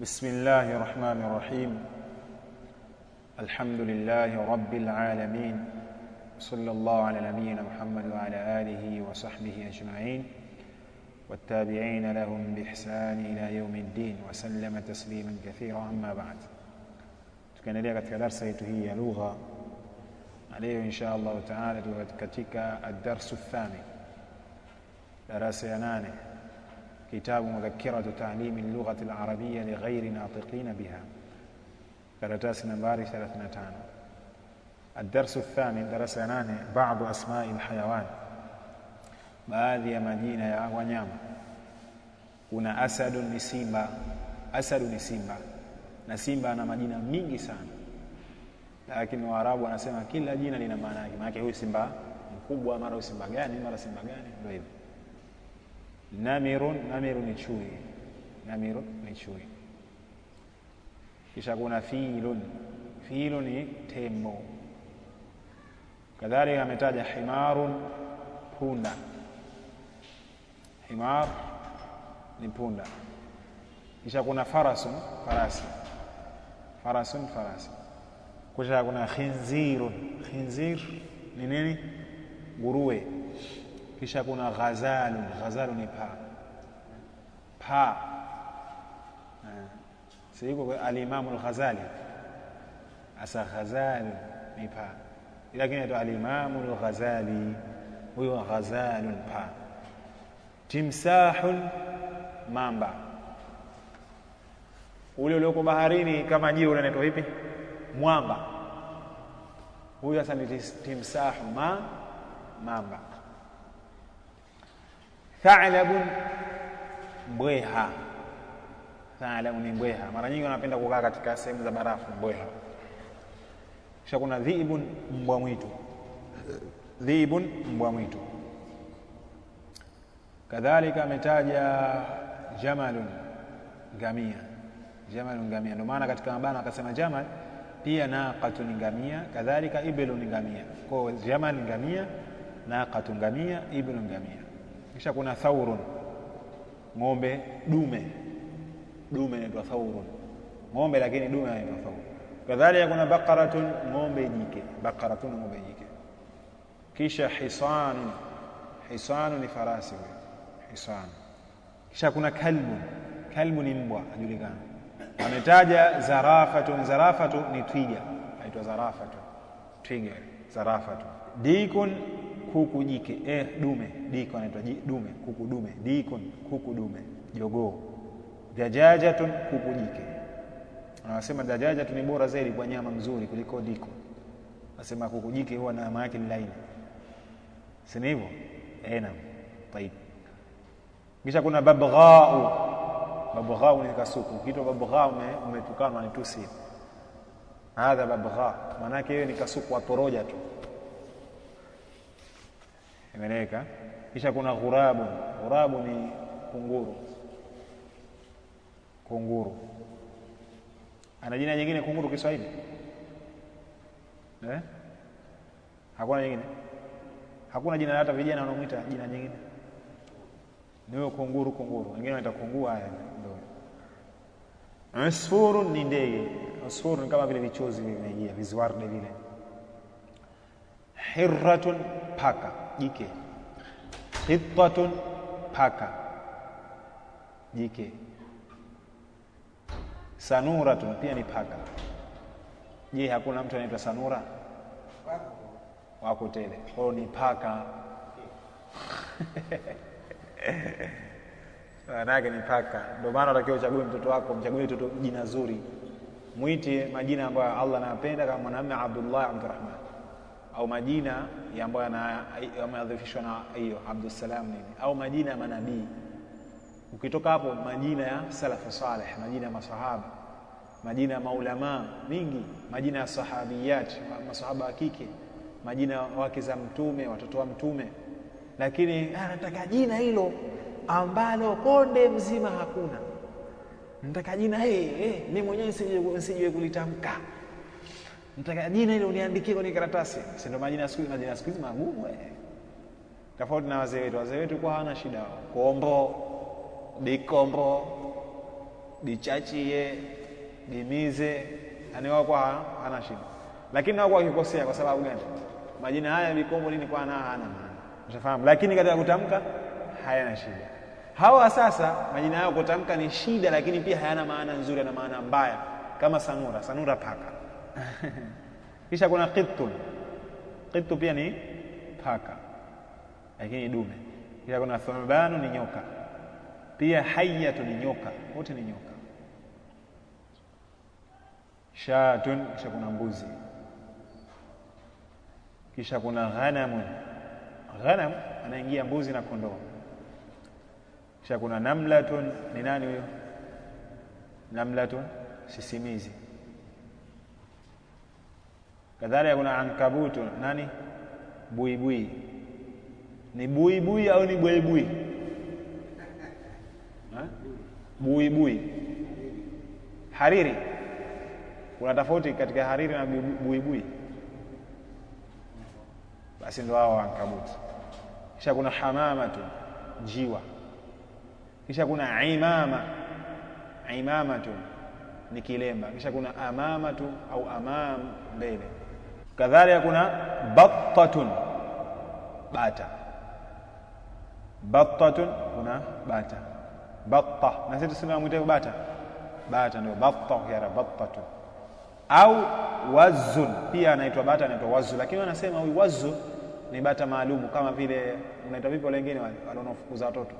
بسم الله الرحمن الرحيم الحمد لله رب العالمين صلى الله على نبينا محمد وعلى آله وصحبه أجمعين والتابعين لهم بإحسان إلى يوم الدين وسلم تسليما كثيرا أما بعد كان لي darsa درس هي لغه عليه ان شاء الله تعالى في الدرس الثاني درس darasa كتاب مذكرة تعليم اللغة العربية لغير ناطقين بها كرتاس نمباري 35 الدرس الثامن درس نانه بعض أسماء الحيوان baadhi ya majina ya wanyama kuna asadun ni simba asadu ni simba na simba ana majina mingi sana lakini waarabu wanasema kila jina lina maana yake maana huyu simba mkubwa mara simba gani mara simba gani ndio hivyo namirun, namiru ni chui, namiru ni chui. Kisha kuna filun fiilu ni tembo. Kadhalika ametaja himarun, punda. Himar ni punda. Kisha kuna farasun, farasi, farasun, farasi. Kisha kuna khinzirun, khinzir ni nini? Nguruwe. Kisha kuna ghazalun. Ghazalu ni paa, paa eh. siko alimamu Lghazali. Asa ghazalun ni paa, lakini aitwa alimamu Lghazali, huyo ghazalun paa. Timsahun mamba, ule ulioko baharini kama jiwe, unaitwa vipi? Mwamba. Huyo asa ni timsahu ma mamba thalabun mbweha. Thalabu ni mbweha, mara nyingi wanapenda kukaa katika sehemu za barafu. Mbweha kisha kuna dhiibun, mbwa mwitu. dhibun mbwa mwitu. Kadhalika ametaja jamalun, ngamia. Jamalun, ngamia. Ndio maana katika mabana akasema jamal pia naqatu ni ngamia, kadhalika iblu ni ngamia. Kwa jamal ngamia, naqatu ngamia, iblu ngamia kisha kuna thaurun, ng'ombe dume. Dume inaitwa thaurun, ng'ombe lakini dume inaitwa thaurun. Kadhalika kuna bakaratun ng'ombe jike. bakaratun ng'ombe jike. Kisha hisanun, hisanu ni farasi huyo, hisanu. Kisha kuna kalbun, kalbu ni mbwa ajulikana. Ametaja zarafatun, zarafatu ni twiga, aitwa zarafatu, twiga, zarafatu. Dikun kuku jike eh, dume diko anaitwa dume kuku dume dikon kuku dume jogoo dajajatun kuku jike anasema dajajatun ni bora zaidi kwa nyama mzuri kuliko diko anasema kuku jike huwa na nyama yake ni laini si hivyo eh naam طيب kisha kuna babghau babghau ni kasuku kitu babghau umetukana ni tusi hadha babgha maana yake ni kasuku toroja tu imeleweka. Kisha kuna ghurabu. Ghurabu ni kunguru, kunguru ana jina nyingine kunguru Kiswahili eh? Hakuna nyingine, hakuna jina hata vijana wanaomwita jina nyingine, huyo kunguru. Kunguru wengine wanaita kungua. Haya, ndio usfuru ni ndege. Usfuru ni kama vile vichozi vimeingia, viziwarde vile. hiratun paka jike, qittatun paka jike, sanuratun pia ni paka. Je, hakuna mtu anaitwa sanura wako tele? Kwa ni paka Maanake ni paka. Ndio maana unatakiwa uchague mtoto wako, mchague mtoto jina zuri, mwite majina ambayo Allah anayapenda, kama mwanamume Abdullah, abdurahman au majina ambayo yameadhifishwa na hiyo abdusalam nini, au majina ya manabii. Ukitoka hapo, majina ya salafu saleh, majina ya masahaba, majina ya maulamaa mingi, majina ya sahabiyat, masahaba wa kike, majina ya wake za Mtume, watoto wa Mtume. Lakini ah, nataka jina hilo ambalo konde mzima hakuna, nataka jina hey, eh, eh, hey, mimi mwenyewe nisijue kulitamka nataka jina ile uniandikie kwenye karatasi, si ndio? Majina siku hizi, majina siku hizi magumu eh, tofauti na wazee wetu. Wazee wetu kwa hawana shida wao, kombo dikombo dichachie dimize, yani wao kwa hana shida, lakini wao kwa kikosea Kwa sababu gani? Majina haya mikombo nini, kwa hana maana, ushafahamu, lakini katika kutamka hayana shida. Hawa sasa majina yao kutamka ni shida, lakini pia hayana maana nzuri, na maana mbaya, kama Sanura. Sanura paka kisha kuna qittu qittu pia ni paka lakini dume kisha kuna thubanu ni nyoka pia hayatu ni nyoka wote ni nyoka shatun kisha kuna mbuzi kisha kuna ghanamu ghanam anaingia mbuzi na kondoo kisha kuna namlatun ni nani huyo namlatun sisimizi Kadhalika kuna ankabutu nani? Buibui. Ni buibui au ni bweibui? Buibui, hariri. Kuna tofauti katika hariri na buibui? Basi ndio hao ankabuti. Kisha kuna hamamatu, njiwa Kisha kuna imama, imamatu ni kilemba. Kisha kuna amamatu au amam, mbele kadhalika kuna battatun bata battatun kuna bata batta na sisi mwite bata bata ndio batta ya battatun au wazun pia anaitwa bata anaitwa wazu lakini wanasema huyu wazu ni bata maalumu kama vile unaitwa vipi wengine wanaofukuza watoto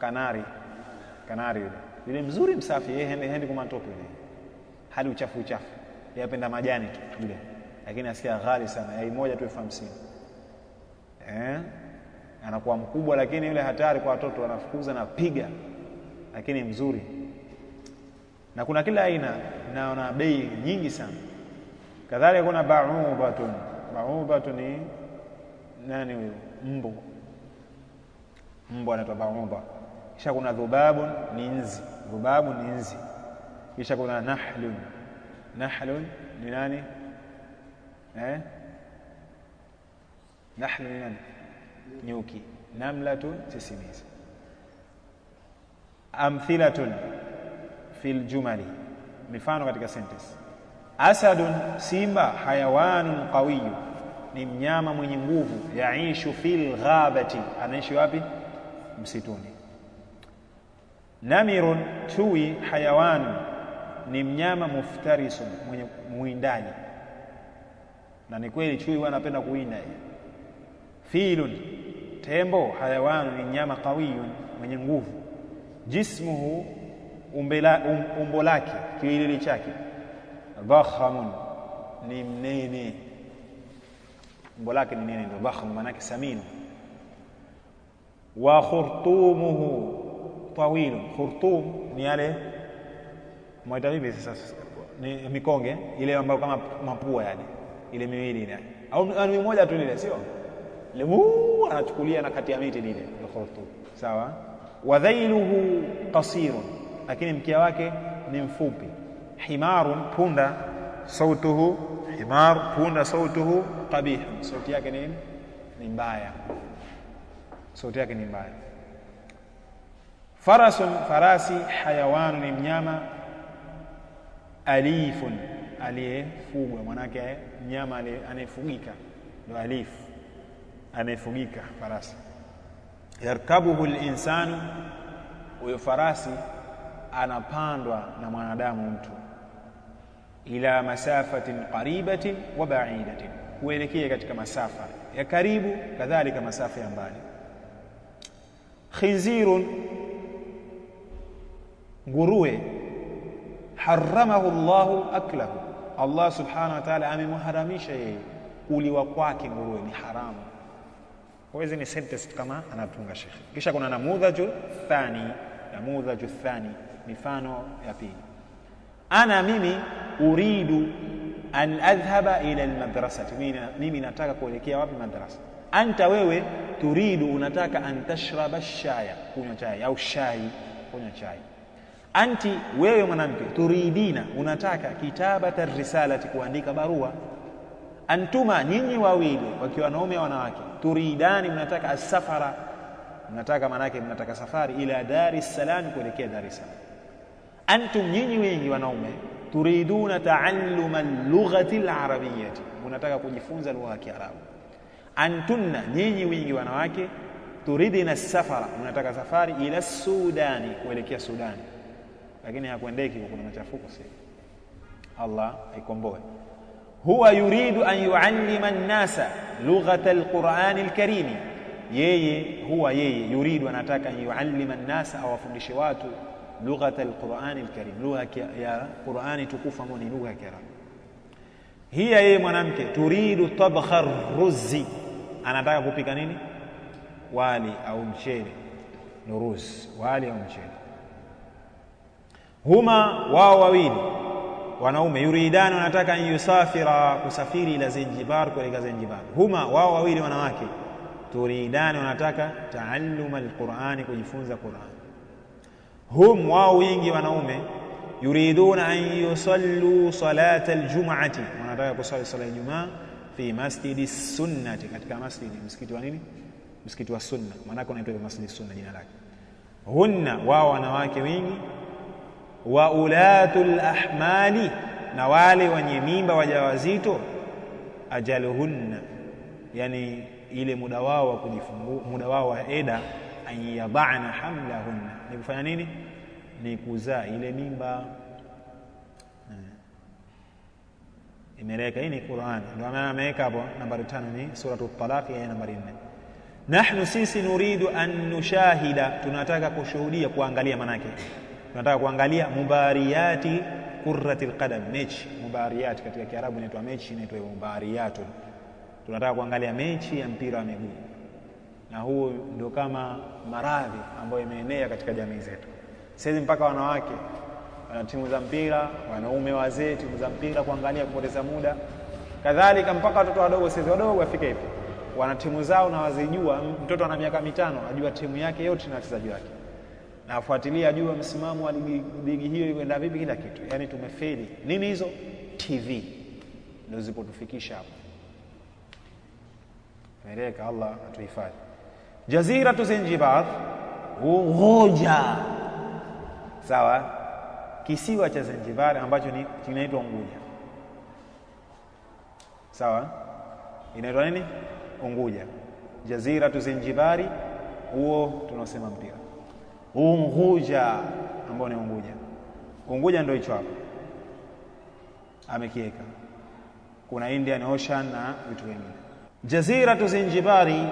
kanari kanari yule yule mzuri msafi yeye hendi, hendi kumatope yule hali uchafu uchafu yapenda majani tu yule lakini asikia ghali sana, yai moja tu elfu hamsini eh? Anakuwa mkubwa, lakini yule hatari kwa watoto, anafukuza na piga, lakini mzuri. Na kuna kila aina na bei nyingi sana. Kadhalika kuna baubatun, baubatu ni nani huyo? Mbu, mbu anaitwa bauba. Kisha kuna dhubabun, ni nzi. Dhubabu ni nzi. Kisha kuna nahlun, nahlun ni nani? eh? nahnu nani nyuki namlatun sisimizi amthilatun fil jumali mifano katika sentence asadun simba hayawanun qawiyu ni mnyama mwenye nguvu yaishu fil ghabati anaishi wapi msituni namirun chui hayawanun ni mnyama muftarisun mwenye mwindaji na ni kweli chui huwa anapenda kuwinda. Filun, tembo, hayawanu ni nyama, qawiyun, mwenye nguvu. Jismuhu, um, umbo lake, kiwiliwili chake. Dhakhamun, ni mnene, umbo lake ni nene, ndio dhakham, maanake saminu Wa khurtumuhu tawilun, khurtum ni yale mwaita vipi sasa, ni mikonge ile ambayo kama mapua yani ile miwili ile au ni moja tu ile sio ile anachukulia na kati ya miti ile al sawa wa dhailuhu qasirun lakini mkia wake ni mfupi himarun punda sautuhu himar punda sautuhu qabih sauti yake ni ni mbaya sauti yake ni mbaya farasun farasi hayawanu ni mnyama alifun aliyefugwa, mwanake mnyama anayefugika ndo alifu, anayefugika farasi. Yarkabuhu linsanu, huyo farasi anapandwa na mwanadamu mtu, ila masafatin qaribatin wa baidatin, huelekea katika masafa ya karibu, kadhalika masafa ya mbali. Khinzirun, nguruwe haramahu llahu aklahu Allah subhanahu wa ta'ala amemharamisha yeye kuliwa kwake nguruwe ni haramu. Kwa hizi ni sentence kama anatunga shekhe. Kisha kuna namudhaju thani, namudhaju thani, mifano ya pili. Ana mimi uridu an adhhaba ila lmadrasati mimi nataka kuelekea wapi? Madrasa. Anta wewe, turidu, unataka an tashraba shaya, kunywa chai, au shai, kunywa chai anti wewe mwanamke turidina unataka kitabata risalati kuandika barua antuma nyinyi wawili wakiwa naume wanawake turidani mnataka asafara mnataka manake mnataka safari ila dar es salaam kuelekea dar es salaam antum nyinyi wengi wanaume turiduna taalluma lughati alarabiyati mnataka kujifunza lugha ya kiarabu antunna nyinyi wingi wanawake turidina safara mnataka safari ila sudani kuelekea sudani lakini hakuendeki kuna machafuko si allah aikomboe huwa yuridu an yuallima nnasa lughata lqurani lkarimi yeye huwa yeye yuridu anataka an yuallima nnasa awafundishe watu lughata lqurani lkarim lugha ya qurani tukufu ambayo ni lugha ya kiarabu hiya yeye mwanamke turidu tabkha ruzi anataka kupika nini wali au mchele nuruz wali au mchele huma wao wawili wanaume yuridani wanataka an yusafira kusafiri ila Zanzibar kuelekea Zanzibar huma wao wawili wanawake turidani wanataka taalluma alqurani kujifunza quran hum wao wingi wanaume yuriduna an yusallu salata ljumati wanataka kusali sala ya Ijumaa fi masjidi sunnati katika masjidi msikiti wa nini msikiti wa sunna maana kuna inaitwa masjidi sunna jina lake hunna wao wanawake wingi wa ulatul ahmali, na wale wenye mimba wajawazito, ajaluhunna, yani ile muda wao wa kujifungua, muda wao wa eda, anyadana hamlahunna, ni kufanya nini? Ni kuzaa ile mimba. Eh. Imeleka hii ni Qur'an, ndio maana ameweka hapo nambari tano, ni suratu Talaq ya nambari nne. Nahnu sisi, nuridu an nushahida, tunataka kushuhudia, kuangalia manake tunataka kuangalia mubariyati qurrati alqadam mechi mubariyat katika kiarabu inaitwa mechi inaitwa mubariyatu tunataka kuangalia mechi ya mpira wa miguu na huo ndio kama maradhi ambayo imeenea katika jamii zetu saizi mpaka wanawake wana timu za mpira wanaume wazee timu za mpira kuangalia kupoteza muda kadhalika mpaka watoto wadogo saizi wadogo wafike hivi wana timu zao na wazijua mtoto ana miaka mitano ajua timu yake yote na wachezaji wake nafuatilia ya msimamo wa ligi hiyo ikwenda vipi, kila kitu. Yani tumefeli nini. Hizo TV ndio zipotufikisha hapo. Meleka Allah atuhifadhi. Jaziratu zenjibar ngoja sawa, kisiwa cha Zanzibar ambacho ni kinaitwa Unguja, sawa, inaitwa nini? Unguja, Jaziratu zenjibari huo tunaosema mpira Unguja ambao ni Unguja. Unguja ndio hicho hapo amekiweka, kuna Indian Ocean na vitu vingine. Jaziratu Zinjibari,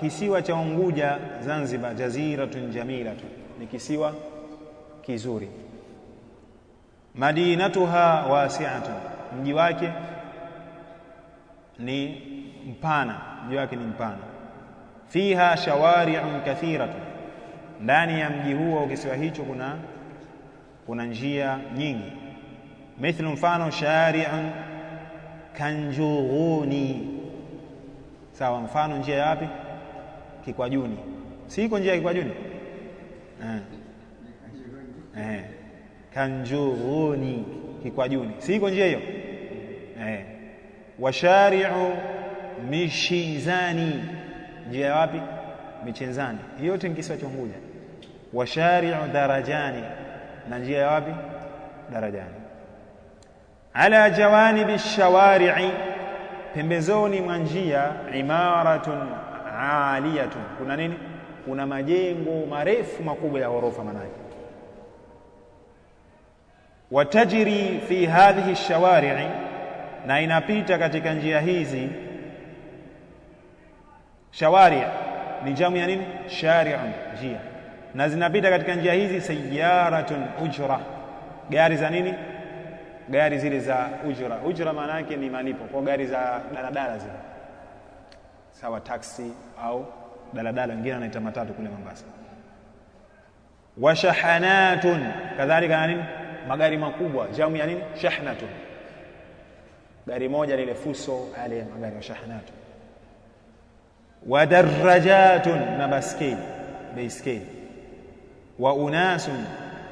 kisiwa cha Unguja Zanzibar. Jaziratun tu ni kisiwa kizuri. Madinatuha wasiatu, mji wake ni mpana, mji wake ni mpana. Fiha shawari'un kathiratu ndani ya mji huo au kisiwa hicho kuna, kuna njia nyingi. Mithlu, mfano shari'un kanjughuni, sawa. Mfano njia ya wapi? Kikwajuni, si iko njia ya Kikwajuni eh. Eh. Kanjughuni Kikwajuni, si iko njia hiyo eh. Washari'u mishizani, njia ya wapi? Michenzani. Hiyo yote ni kisiwa cha Unguja washari'u darajani na njia ya wapi darajani ala jawanibi shawari'i pembezoni mwa njia imaratun aliyatun kuna nini kuna majengo marefu makubwa ya ghorofa manake watajri fi hadhihi shawari'i na inapita katika njia hizi shawari ni jamu ya nini shari'un njia na zinapita katika njia hizi sayyaratun ujra, gari za nini? Gari zile za ujra. Ujra maana yake ni malipo, kwa gari za daladala zile, sawa taksi au daladala, wengine wanaita matatu kule Mombasa. Washahanatun, kadhalika na nini, magari makubwa, jamu ya nini, shahnatun, gari moja lile fuso, ale magari ya shahnatun. Wadarajatun, na baskeli, baiskeli wa unasun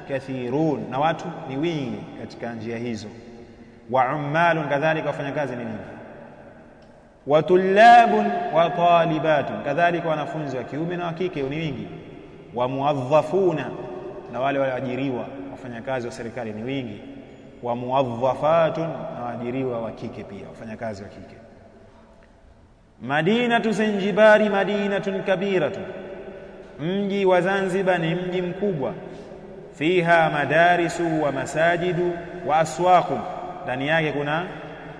kathirun, na watu ni wingi katika njia hizo. Wa ummalun, kadhalika wafanyakazi ni wingi Wa tullabun wa talibatun, kadhalika wanafunzi wa kiume na wa kike ni wingi. Wa muadhafuna, na wale walioajiriwa wafanyakazi wa serikali ni wingi. Wa muadhafatun, na waajiriwa wa kike pia, wafanyakazi wa kike. Madinatu Zanjibari madinatun kabiratun Mji wa Zanzibar ni mji mkubwa, fiha madarisu wa masajidu wa aswaqu, ndani yake kuna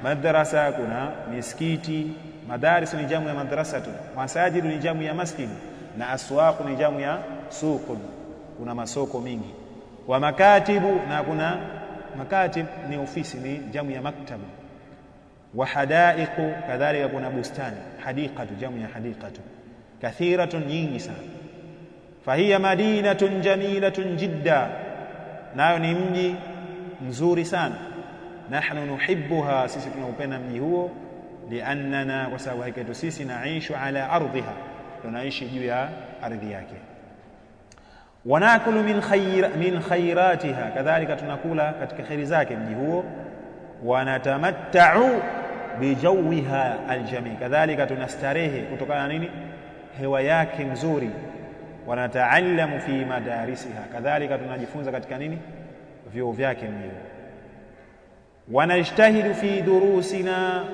madrasa, kuna misikiti. Madarisu ni jamu ya madrasatu, masajidu ni jamu ya masjid, na aswaqu ni jamu ya suqun, kuna masoko mingi. Wa makatibu, na kuna makatib ni ofisi, ni jamu ya maktaba. Wa hadaiqu, kadhalika kuna bustani. Hadiqatu, jamu ya hadiqatu, kathiratun, nyingi sana fahiya madinatun jamilatun jidda, nayo ni mji mzuri sana. Nahnu nuhibuha sisi tunaupenda mji huo. Liannana, kwa sababu hakika sisi naishu ala ardhiha, tunaishi juu ya ardhi yake. Wanakulu min, khayra, min khairatiha, kadhalika tunakula katika kheri zake mji huo. Wanatamattau bijawiha aljamii, kadhalika tunastarehe kutokana na nini? Hewa yake nzuri wanataalamu fi madarisiha, kadhalika tunajifunza katika nini, vyuo vyake mwenyewe. Wanajtahidu fi durusina,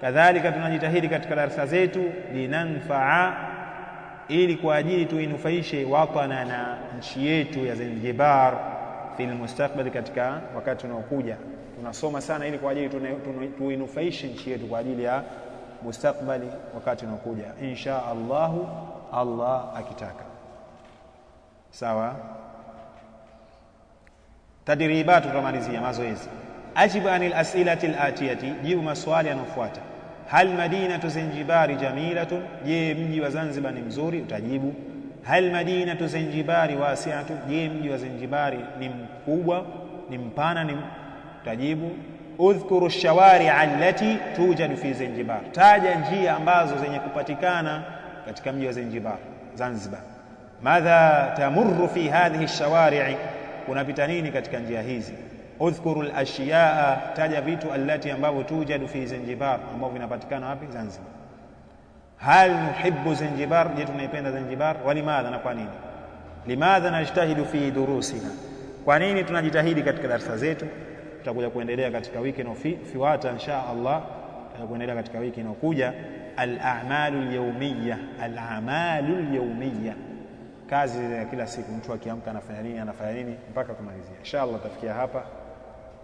kadhalika tunajitahidi katika darasa zetu. Linanfaa, ili kwa ajili tuinufaishe watana na nchi yetu ya Zanzibar fil mustaqbali, katika wakati unaokuja. Tunasoma sana ili kwa ajili tuinufaishe nchi yetu kwa ajili ya mustaqbali, wakati unaokuja insha Allahu, Allah akitaka sawa. Tadribatu, tutamalizia mazoezi. Ajib anil lasilati alatiyati, jibu maswali yanayofuata. Hal madinatu Zanjibari jamilatun, je, mji wa Zanzibar ni mzuri? Utajibu hal madinatu Zanjibari wasiatu, je, mji wa Zanjibari ni mkubwa, ni mpana? Ni utajibu udhkuru shawari allati tujadu fi Zanjibar, taja njia ambazo zenye kupatikana katika mji wa Zanzibar Zanzibar madha tamurru fi hadhihi lshawari'i, unapita nini katika njia hizi? Udhkuru lashyaa taja vitu allati, ambavyo tujadu fi zanjibar ambavyo vinapatikana wapi? Zanzibar. Hal nuhibbu zanjibar je tunaipenda Zanzibar? Walimadha, na kwa nini? Limadha najtahidu fi durusina, kwa nini tunajitahidi katika darasa zetu? Tutakuja kuendelea katika wiki inayofuata insha Allah, tutakuja kuendelea katika wiki inayokuja. Al a'malu al al kazi ya kila siku, mtu akiamka anafanya nini, anafanya nini mpaka kumalizia. Inshallah tafikia hapa.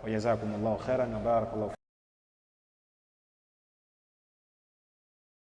Wajazakumullahu khairan wa barakallahu